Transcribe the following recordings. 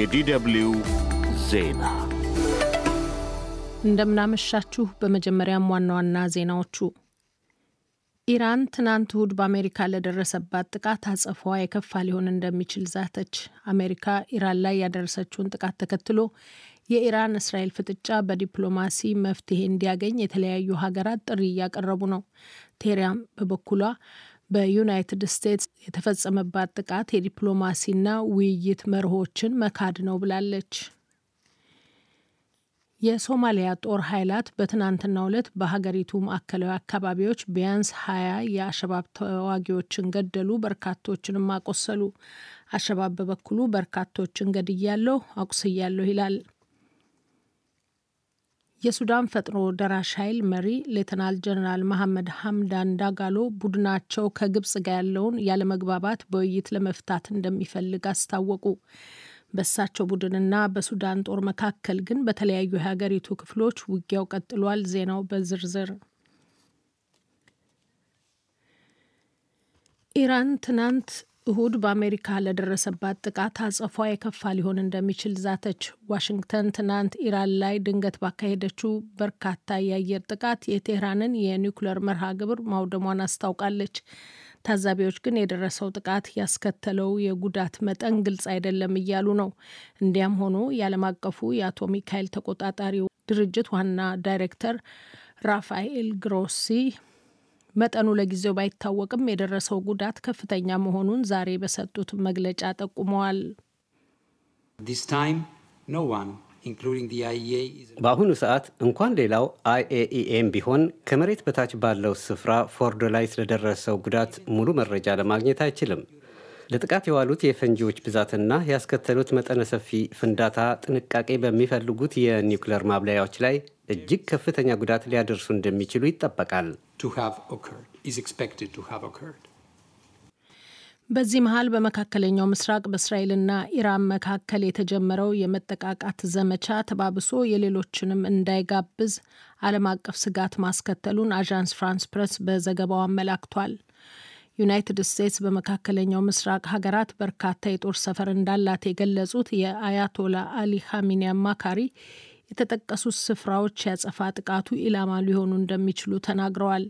የዲደብሊው ዜና እንደምናመሻችሁ። በመጀመሪያም ዋና ዋና ዜናዎቹ ኢራን ትናንት እሁድ በአሜሪካ ለደረሰባት ጥቃት አጸፋዋ የከፋ ሊሆን እንደሚችል ዛተች። አሜሪካ ኢራን ላይ ያደረሰችውን ጥቃት ተከትሎ የኢራን እስራኤል ፍጥጫ በዲፕሎማሲ መፍትሄ እንዲያገኝ የተለያዩ ሀገራት ጥሪ እያቀረቡ ነው። ቴሪያም በበኩሏ በዩናይትድ ስቴትስ የተፈጸመባት ጥቃት የዲፕሎማሲና ውይይት መርሆችን መካድ ነው ብላለች። የሶማሊያ ጦር ኃይላት በትናንትናው ዕለት በሀገሪቱ ማዕከላዊ አካባቢዎች ቢያንስ ሀያ የአሸባብ ተዋጊዎችን ገደሉ፣ በርካቶችንም አቆሰሉ። አሸባብ በበኩሉ በርካቶችን ገድያለሁ፣ አቁስያለሁ ይላል። የሱዳን ፈጥኖ ደራሽ ኃይል መሪ ሌተናል ጀነራል መሐመድ ሀምዳን ዳጋሎ ቡድናቸው ከግብጽ ጋር ያለውን ያለመግባባት በውይይት ለመፍታት እንደሚፈልግ አስታወቁ። በእሳቸው ቡድንና በሱዳን ጦር መካከል ግን በተለያዩ የሀገሪቱ ክፍሎች ውጊያው ቀጥሏል። ዜናው በዝርዝር ኢራን ትናንት እሁድ በአሜሪካ ለደረሰባት ጥቃት አጸፏ የከፋ ሊሆን እንደሚችል ዛተች። ዋሽንግተን ትናንት ኢራን ላይ ድንገት ባካሄደችው በርካታ የአየር ጥቃት የቴህራንን የኒውክለር መርሃ ግብር ማውደሟን አስታውቃለች። ታዛቢዎች ግን የደረሰው ጥቃት ያስከተለው የጉዳት መጠን ግልጽ አይደለም እያሉ ነው። እንዲያም ሆኖ የዓለም አቀፉ የአቶሚክ ኃይል ተቆጣጣሪ ድርጅት ዋና ዳይሬክተር ራፋኤል ግሮሲ መጠኑ ለጊዜው ባይታወቅም የደረሰው ጉዳት ከፍተኛ መሆኑን ዛሬ በሰጡት መግለጫ ጠቁመዋል። በአሁኑ ሰዓት እንኳን ሌላው አይኤኢኤም e ቢሆን ከመሬት በታች ባለው ስፍራ ፎርዶ ላይ ስለደረሰው ጉዳት ሙሉ መረጃ ለማግኘት አይችልም። ለጥቃት የዋሉት የፈንጂዎች ብዛትና ያስከተሉት መጠነ ሰፊ ፍንዳታ ጥንቃቄ በሚፈልጉት የኒውክለር ማብለያዎች ላይ እጅግ ከፍተኛ ጉዳት ሊያደርሱ እንደሚችሉ ይጠበቃል። to have occurred, is expected to have occurred. በዚህ መሀል በመካከለኛው ምስራቅ በእስራኤልና ኢራን መካከል የተጀመረው የመጠቃቃት ዘመቻ ተባብሶ የሌሎችንም እንዳይጋብዝ ዓለም አቀፍ ስጋት ማስከተሉን አዣንስ ፍራንስ ፕረስ በዘገባው አመላክቷል። ዩናይትድ ስቴትስ በመካከለኛው ምስራቅ ሀገራት በርካታ የጦር ሰፈር እንዳላት የገለጹት የአያቶላ አሊ ሀሚኒ አማካሪ የተጠቀሱት ስፍራዎች ያጸፋ ጥቃቱ ኢላማ ሊሆኑ እንደሚችሉ ተናግረዋል።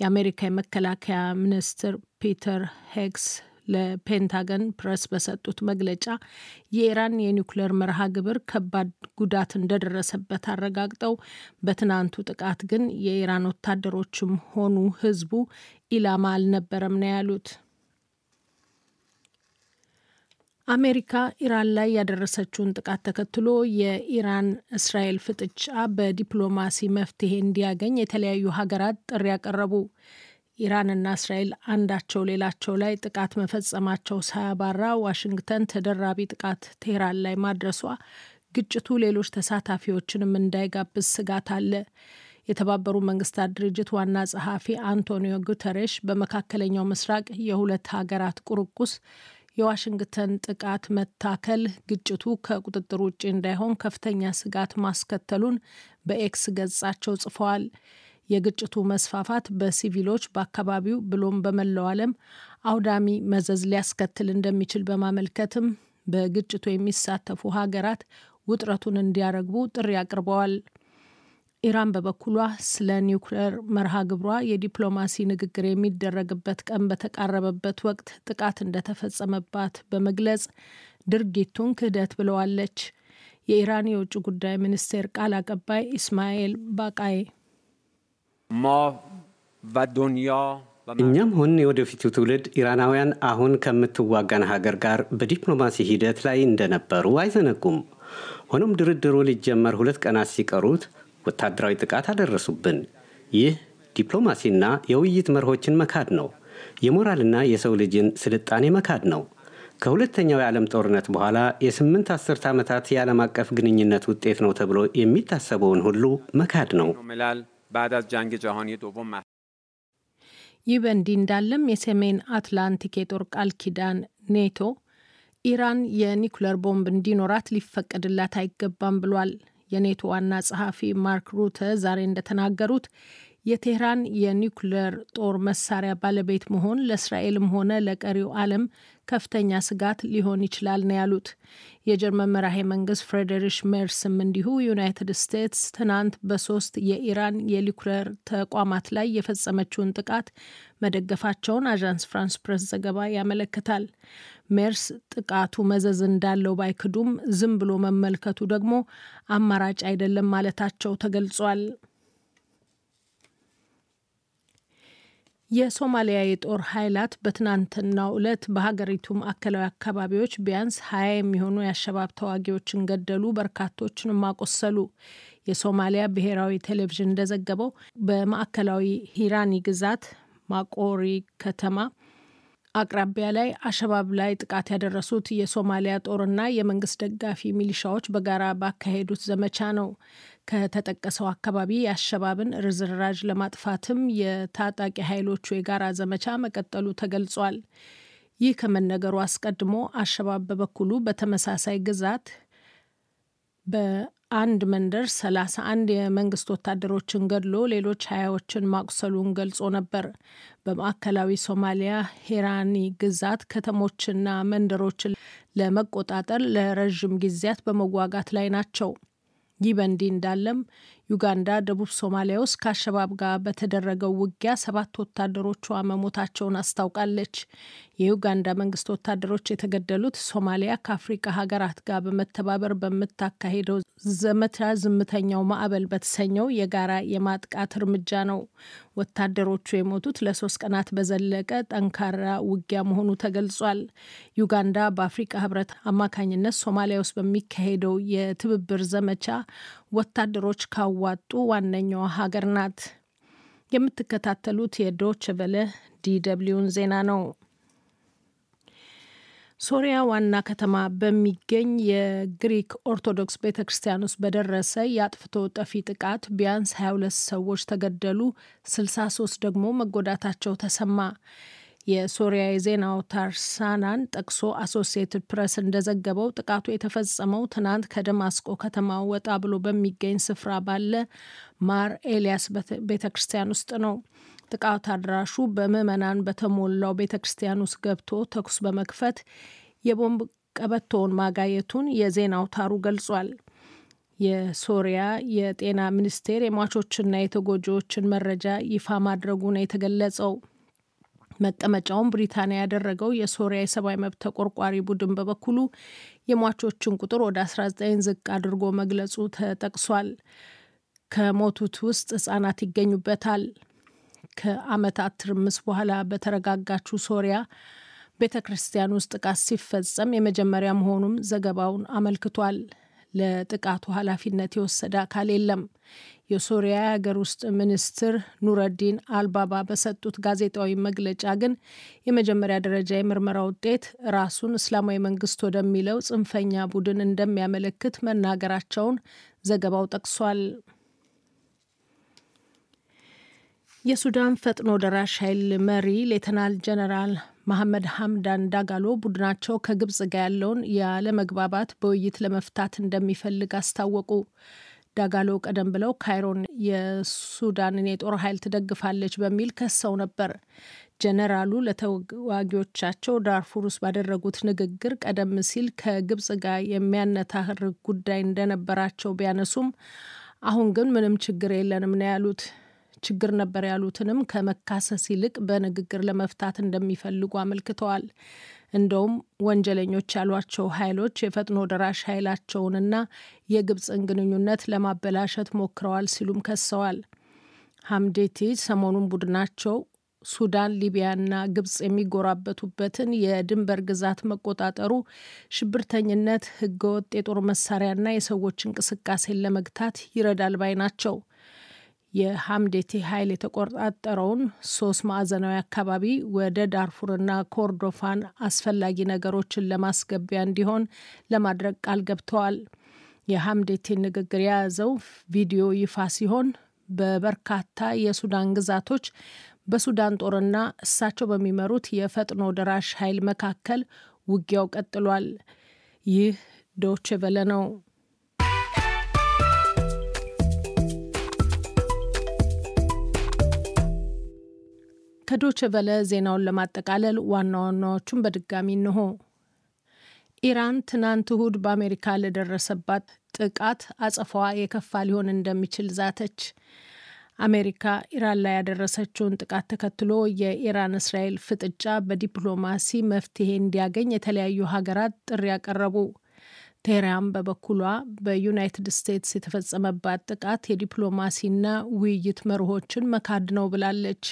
የአሜሪካ የመከላከያ ሚኒስትር ፒተር ሄግስ ለፔንታገን ፕሬስ በሰጡት መግለጫ የኢራን የኒውክሌር መርሃ ግብር ከባድ ጉዳት እንደደረሰበት አረጋግጠው በትናንቱ ጥቃት ግን የኢራን ወታደሮችም ሆኑ ሕዝቡ ኢላማ አልነበረም ነው ያሉት። አሜሪካ ኢራን ላይ ያደረሰችውን ጥቃት ተከትሎ የኢራን እስራኤል ፍጥጫ በዲፕሎማሲ መፍትሄ እንዲያገኝ የተለያዩ ሀገራት ጥሪ ያቀረቡ። ኢራንና እስራኤል አንዳቸው ሌላቸው ላይ ጥቃት መፈጸማቸው ሳያባራ ዋሽንግተን ተደራቢ ጥቃት ቴህራን ላይ ማድረሷ ግጭቱ ሌሎች ተሳታፊዎችንም እንዳይጋብዝ ስጋት አለ። የተባበሩ መንግስታት ድርጅት ዋና ጸሐፊ አንቶኒዮ ጉተሬሽ በመካከለኛው ምስራቅ የሁለት ሀገራት ቁርቁስ የዋሽንግተን ጥቃት መታከል ግጭቱ ከቁጥጥር ውጭ እንዳይሆን ከፍተኛ ስጋት ማስከተሉን በኤክስ ገጻቸው ጽፈዋል። የግጭቱ መስፋፋት በሲቪሎች በአካባቢው ብሎም በመላው ዓለም አውዳሚ መዘዝ ሊያስከትል እንደሚችል በማመልከትም በግጭቱ የሚሳተፉ ሀገራት ውጥረቱን እንዲያረግቡ ጥሪ አቅርበዋል። ኢራን በበኩሏ ስለ ኒውክሌር መርሃ ግብሯ የዲፕሎማሲ ንግግር የሚደረግበት ቀን በተቃረበበት ወቅት ጥቃት እንደተፈጸመባት በመግለጽ ድርጊቱን ክህደት ብለዋለች። የኢራን የውጭ ጉዳይ ሚኒስቴር ቃል አቀባይ ኢስማኤል ባቃይ እኛም ሆን የወደፊቱ ትውልድ ኢራናውያን አሁን ከምትዋጋን ሀገር ጋር በዲፕሎማሲ ሂደት ላይ እንደነበሩ አይዘነጉም። ሆኖም ድርድሩ ሊጀመር ሁለት ቀናት ሲቀሩት ወታደራዊ ጥቃት አደረሱብን። ይህ ዲፕሎማሲና የውይይት መርሆችን መካድ ነው። የሞራልና የሰው ልጅን ስልጣኔ መካድ ነው። ከሁለተኛው የዓለም ጦርነት በኋላ የስምንት አስርት ዓመታት የዓለም አቀፍ ግንኙነት ውጤት ነው ተብሎ የሚታሰበውን ሁሉ መካድ ነው። ይህ በእንዲህ እንዳለም የሰሜን አትላንቲክ የጦር ቃል ኪዳን ኔቶ ኢራን የኒኩለር ቦምብ እንዲኖራት ሊፈቀድላት አይገባም ብሏል። የኔቶ ዋና ጸሐፊ ማርክ ሩተ ዛሬ እንደተናገሩት የቴህራን የኒውክሌር ጦር መሳሪያ ባለቤት መሆን ለእስራኤልም ሆነ ለቀሪው ዓለም ከፍተኛ ስጋት ሊሆን ይችላል ነው ያሉት። የጀርመን መራሄ መንግስት ፍሬደሪሽ ሜርስም እንዲሁ ዩናይትድ ስቴትስ ትናንት በሶስት የኢራን የኒውክሌር ተቋማት ላይ የፈጸመችውን ጥቃት መደገፋቸውን አዣንስ ፍራንስ ፕሬስ ዘገባ ያመለክታል። ሜርስ ጥቃቱ መዘዝ እንዳለው ባይክዱም ዝም ብሎ መመልከቱ ደግሞ አማራጭ አይደለም ማለታቸው ተገልጿል። የሶማሊያ የጦር ኃይላት በትናንትናው ዕለት በሀገሪቱ ማዕከላዊ አካባቢዎች ቢያንስ ሀያ የሚሆኑ የአሸባብ ተዋጊዎችን ገደሉ፣ በርካቶችንም አቆሰሉ። የሶማሊያ ብሔራዊ ቴሌቪዥን እንደዘገበው በማዕከላዊ ሂራኒ ግዛት ማቆሪ ከተማ አቅራቢያ ላይ አሸባብ ላይ ጥቃት ያደረሱት የሶማሊያ ጦርና የመንግስት ደጋፊ ሚሊሻዎች በጋራ ባካሄዱት ዘመቻ ነው። ከተጠቀሰው አካባቢ የአሸባብን ርዝራዥ ለማጥፋትም የታጣቂ ኃይሎቹ የጋራ ዘመቻ መቀጠሉ ተገልጿል። ይህ ከመነገሩ አስቀድሞ አሸባብ በበኩሉ በተመሳሳይ ግዛት አንድ መንደር 31 የመንግስት ወታደሮችን ገድሎ ሌሎች ሀያዎችን ማቁሰሉን ገልጾ ነበር። በማዕከላዊ ሶማሊያ ሄራኒ ግዛት ከተሞችና መንደሮችን ለመቆጣጠር ለረዥም ጊዜያት በመዋጋት ላይ ናቸው። ይህ በእንዲህ እንዳለም ዩጋንዳ ደቡብ ሶማሊያ ውስጥ ከአሸባብ ጋር በተደረገው ውጊያ ሰባት ወታደሮቿ መሞታቸውን አስታውቃለች። የዩጋንዳ መንግስት ወታደሮች የተገደሉት ሶማሊያ ከአፍሪካ ሀገራት ጋር በመተባበር በምታካሄደው ዘመቻ ዝምተኛው ማዕበል በተሰኘው የጋራ የማጥቃት እርምጃ ነው። ወታደሮቹ የሞቱት ለሶስት ቀናት በዘለቀ ጠንካራ ውጊያ መሆኑ ተገልጿል። ዩጋንዳ በአፍሪካ ህብረት አማካኝነት ሶማሊያ ውስጥ በሚካሄደው የትብብር ዘመቻ ወታደሮች ካዋጡ ዋነኛዋ ሀገር ናት። የምትከታተሉት የዶች በለ ዲደብሊውን ዜና ነው። ሶሪያ ዋና ከተማ በሚገኝ የግሪክ ኦርቶዶክስ ቤተ ክርስቲያን ውስጥ በደረሰ የአጥፍቶ ጠፊ ጥቃት ቢያንስ 22 ሰዎች ተገደሉ፣ 63 ደግሞ መጎዳታቸው ተሰማ። የሶሪያ የዜና አውታር ሳናን ጠቅሶ አሶሲየትድ ፕሬስ እንደዘገበው ጥቃቱ የተፈጸመው ትናንት ከደማስቆ ከተማ ወጣ ብሎ በሚገኝ ስፍራ ባለ ማር ኤልያስ ቤተ ክርስቲያን ውስጥ ነው። ጥቃት አድራሹ በምዕመናን በተሞላው ቤተ ክርስቲያን ውስጥ ገብቶ ተኩስ በመክፈት የቦምብ ቀበቶውን ማጋየቱን የዜና አውታሩ ገልጿል። የሶሪያ የጤና ሚኒስቴር የሟቾችና የተጎጂዎችን መረጃ ይፋ ማድረጉ ነው የተገለጸው። መቀመጫውን ብሪታንያ ያደረገው የሶሪያ የሰብአዊ መብት ተቆርቋሪ ቡድን በበኩሉ የሟቾችን ቁጥር ወደ 19 ዝቅ አድርጎ መግለጹ ተጠቅሷል። ከሞቱት ውስጥ ህጻናት ይገኙበታል። ከዓመታት ትርምስ በኋላ በተረጋጋችው ሶሪያ ቤተ ክርስቲያን ውስጥ ጥቃት ሲፈጸም የመጀመሪያ መሆኑም ዘገባውን አመልክቷል። ለጥቃቱ ኃላፊነት የወሰደ አካል የለም። የሶሪያ የሀገር ውስጥ ሚኒስትር ኑረዲን አልባባ በሰጡት ጋዜጣዊ መግለጫ ግን የመጀመሪያ ደረጃ የምርመራ ውጤት ራሱን እስላማዊ መንግስት ወደሚለው ጽንፈኛ ቡድን እንደሚያመለክት መናገራቸውን ዘገባው ጠቅሷል። የሱዳን ፈጥኖ ደራሽ ኃይል መሪ ሌተናል ጀነራል መሐመድ ሀምዳን ዳጋሎ ቡድናቸው ከግብጽ ጋር ያለውን ያለመግባባት በውይይት ለመፍታት እንደሚፈልግ አስታወቁ። ዳጋሎ ቀደም ብለው ካይሮን የሱዳንን የጦር ኃይል ትደግፋለች በሚል ከሰው ነበር። ጀነራሉ ለተዋጊዎቻቸው ዳርፉር ውስጥ ባደረጉት ንግግር ቀደም ሲል ከግብጽ ጋር የሚያነታር ጉዳይ እንደነበራቸው ቢያነሱም አሁን ግን ምንም ችግር የለንም ነው ያሉት። ችግር ነበር ያሉትንም ከመካሰስ ይልቅ በንግግር ለመፍታት እንደሚፈልጉ አመልክተዋል። እንደውም ወንጀለኞች ያሏቸው ኃይሎች የፈጥኖ ደራሽ ኃይላቸውንና የግብፅን ግንኙነት ለማበላሸት ሞክረዋል ሲሉም ከሰዋል። ሀምዴቲ ሰሞኑን ቡድናቸው ሱዳን፣ ሊቢያና ግብጽ የሚጎራበቱበትን የድንበር ግዛት መቆጣጠሩ ሽብርተኝነት፣ ህገወጥ የጦር መሳሪያና የሰዎች እንቅስቃሴን ለመግታት ይረዳል ባይ ናቸው። የሐምዴቴ ኃይል የተቆጣጠረውን ሶስት ማዕዘናዊ አካባቢ ወደ ዳርፉርና ኮርዶፋን አስፈላጊ ነገሮችን ለማስገቢያ እንዲሆን ለማድረግ ቃል ገብተዋል። የሐምዴቴን ንግግር የያዘው ቪዲዮ ይፋ ሲሆን በበርካታ የሱዳን ግዛቶች በሱዳን ጦርና እሳቸው በሚመሩት የፈጥኖ ደራሽ ኃይል መካከል ውጊያው ቀጥሏል። ይህ ዶችቨለ ነው። ከዶች ዜናውን ለማጠቃለል ዋና ዋናዎቹን በድጋሚ እንሆ። ኢራን ትናንት እሁድ በአሜሪካ ለደረሰባት ጥቃት አጸፋዋ የከፋ ሊሆን እንደሚችል ዛተች። አሜሪካ ኢራን ላይ ያደረሰችውን ጥቃት ተከትሎ የኢራን እስራኤል ፍጥጫ በዲፕሎማሲ መፍትሄ እንዲያገኝ የተለያዩ ሀገራት ጥሪ ያቀረቡ። ቴህራን በበኩሏ በዩናይትድ ስቴትስ የተፈጸመባት ጥቃት የዲፕሎማሲና ውይይት መርሆችን መካድ ነው ብላለች።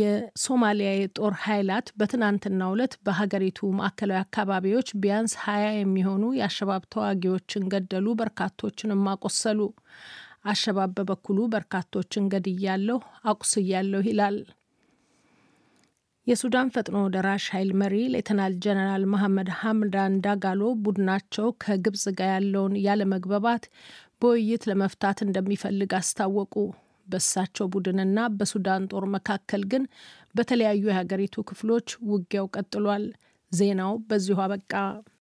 የሶማሊያ የጦር ኃይላት በትናንትናው ዕለት በሀገሪቱ ማዕከላዊ አካባቢዎች ቢያንስ ሀያ የሚሆኑ የአሸባብ ተዋጊዎችን ገደሉ፣ በርካቶችንም አቆሰሉ። አሸባብ በበኩሉ በርካቶችን ገድያለሁ፣ አቁስያለሁ ይላል። የሱዳን ፈጥኖ ደራሽ ኃይል መሪ ሌተናል ጀነራል መሐመድ ሀምዳን ዳጋሎ ቡድናቸው ከግብጽ ጋር ያለውን ያለመግባባት በውይይት ለመፍታት እንደሚፈልግ አስታወቁ። በእሳቸው ቡድንና በሱዳን ጦር መካከል ግን በተለያዩ የሀገሪቱ ክፍሎች ውጊያው ቀጥሏል። ዜናው በዚሁ አበቃ።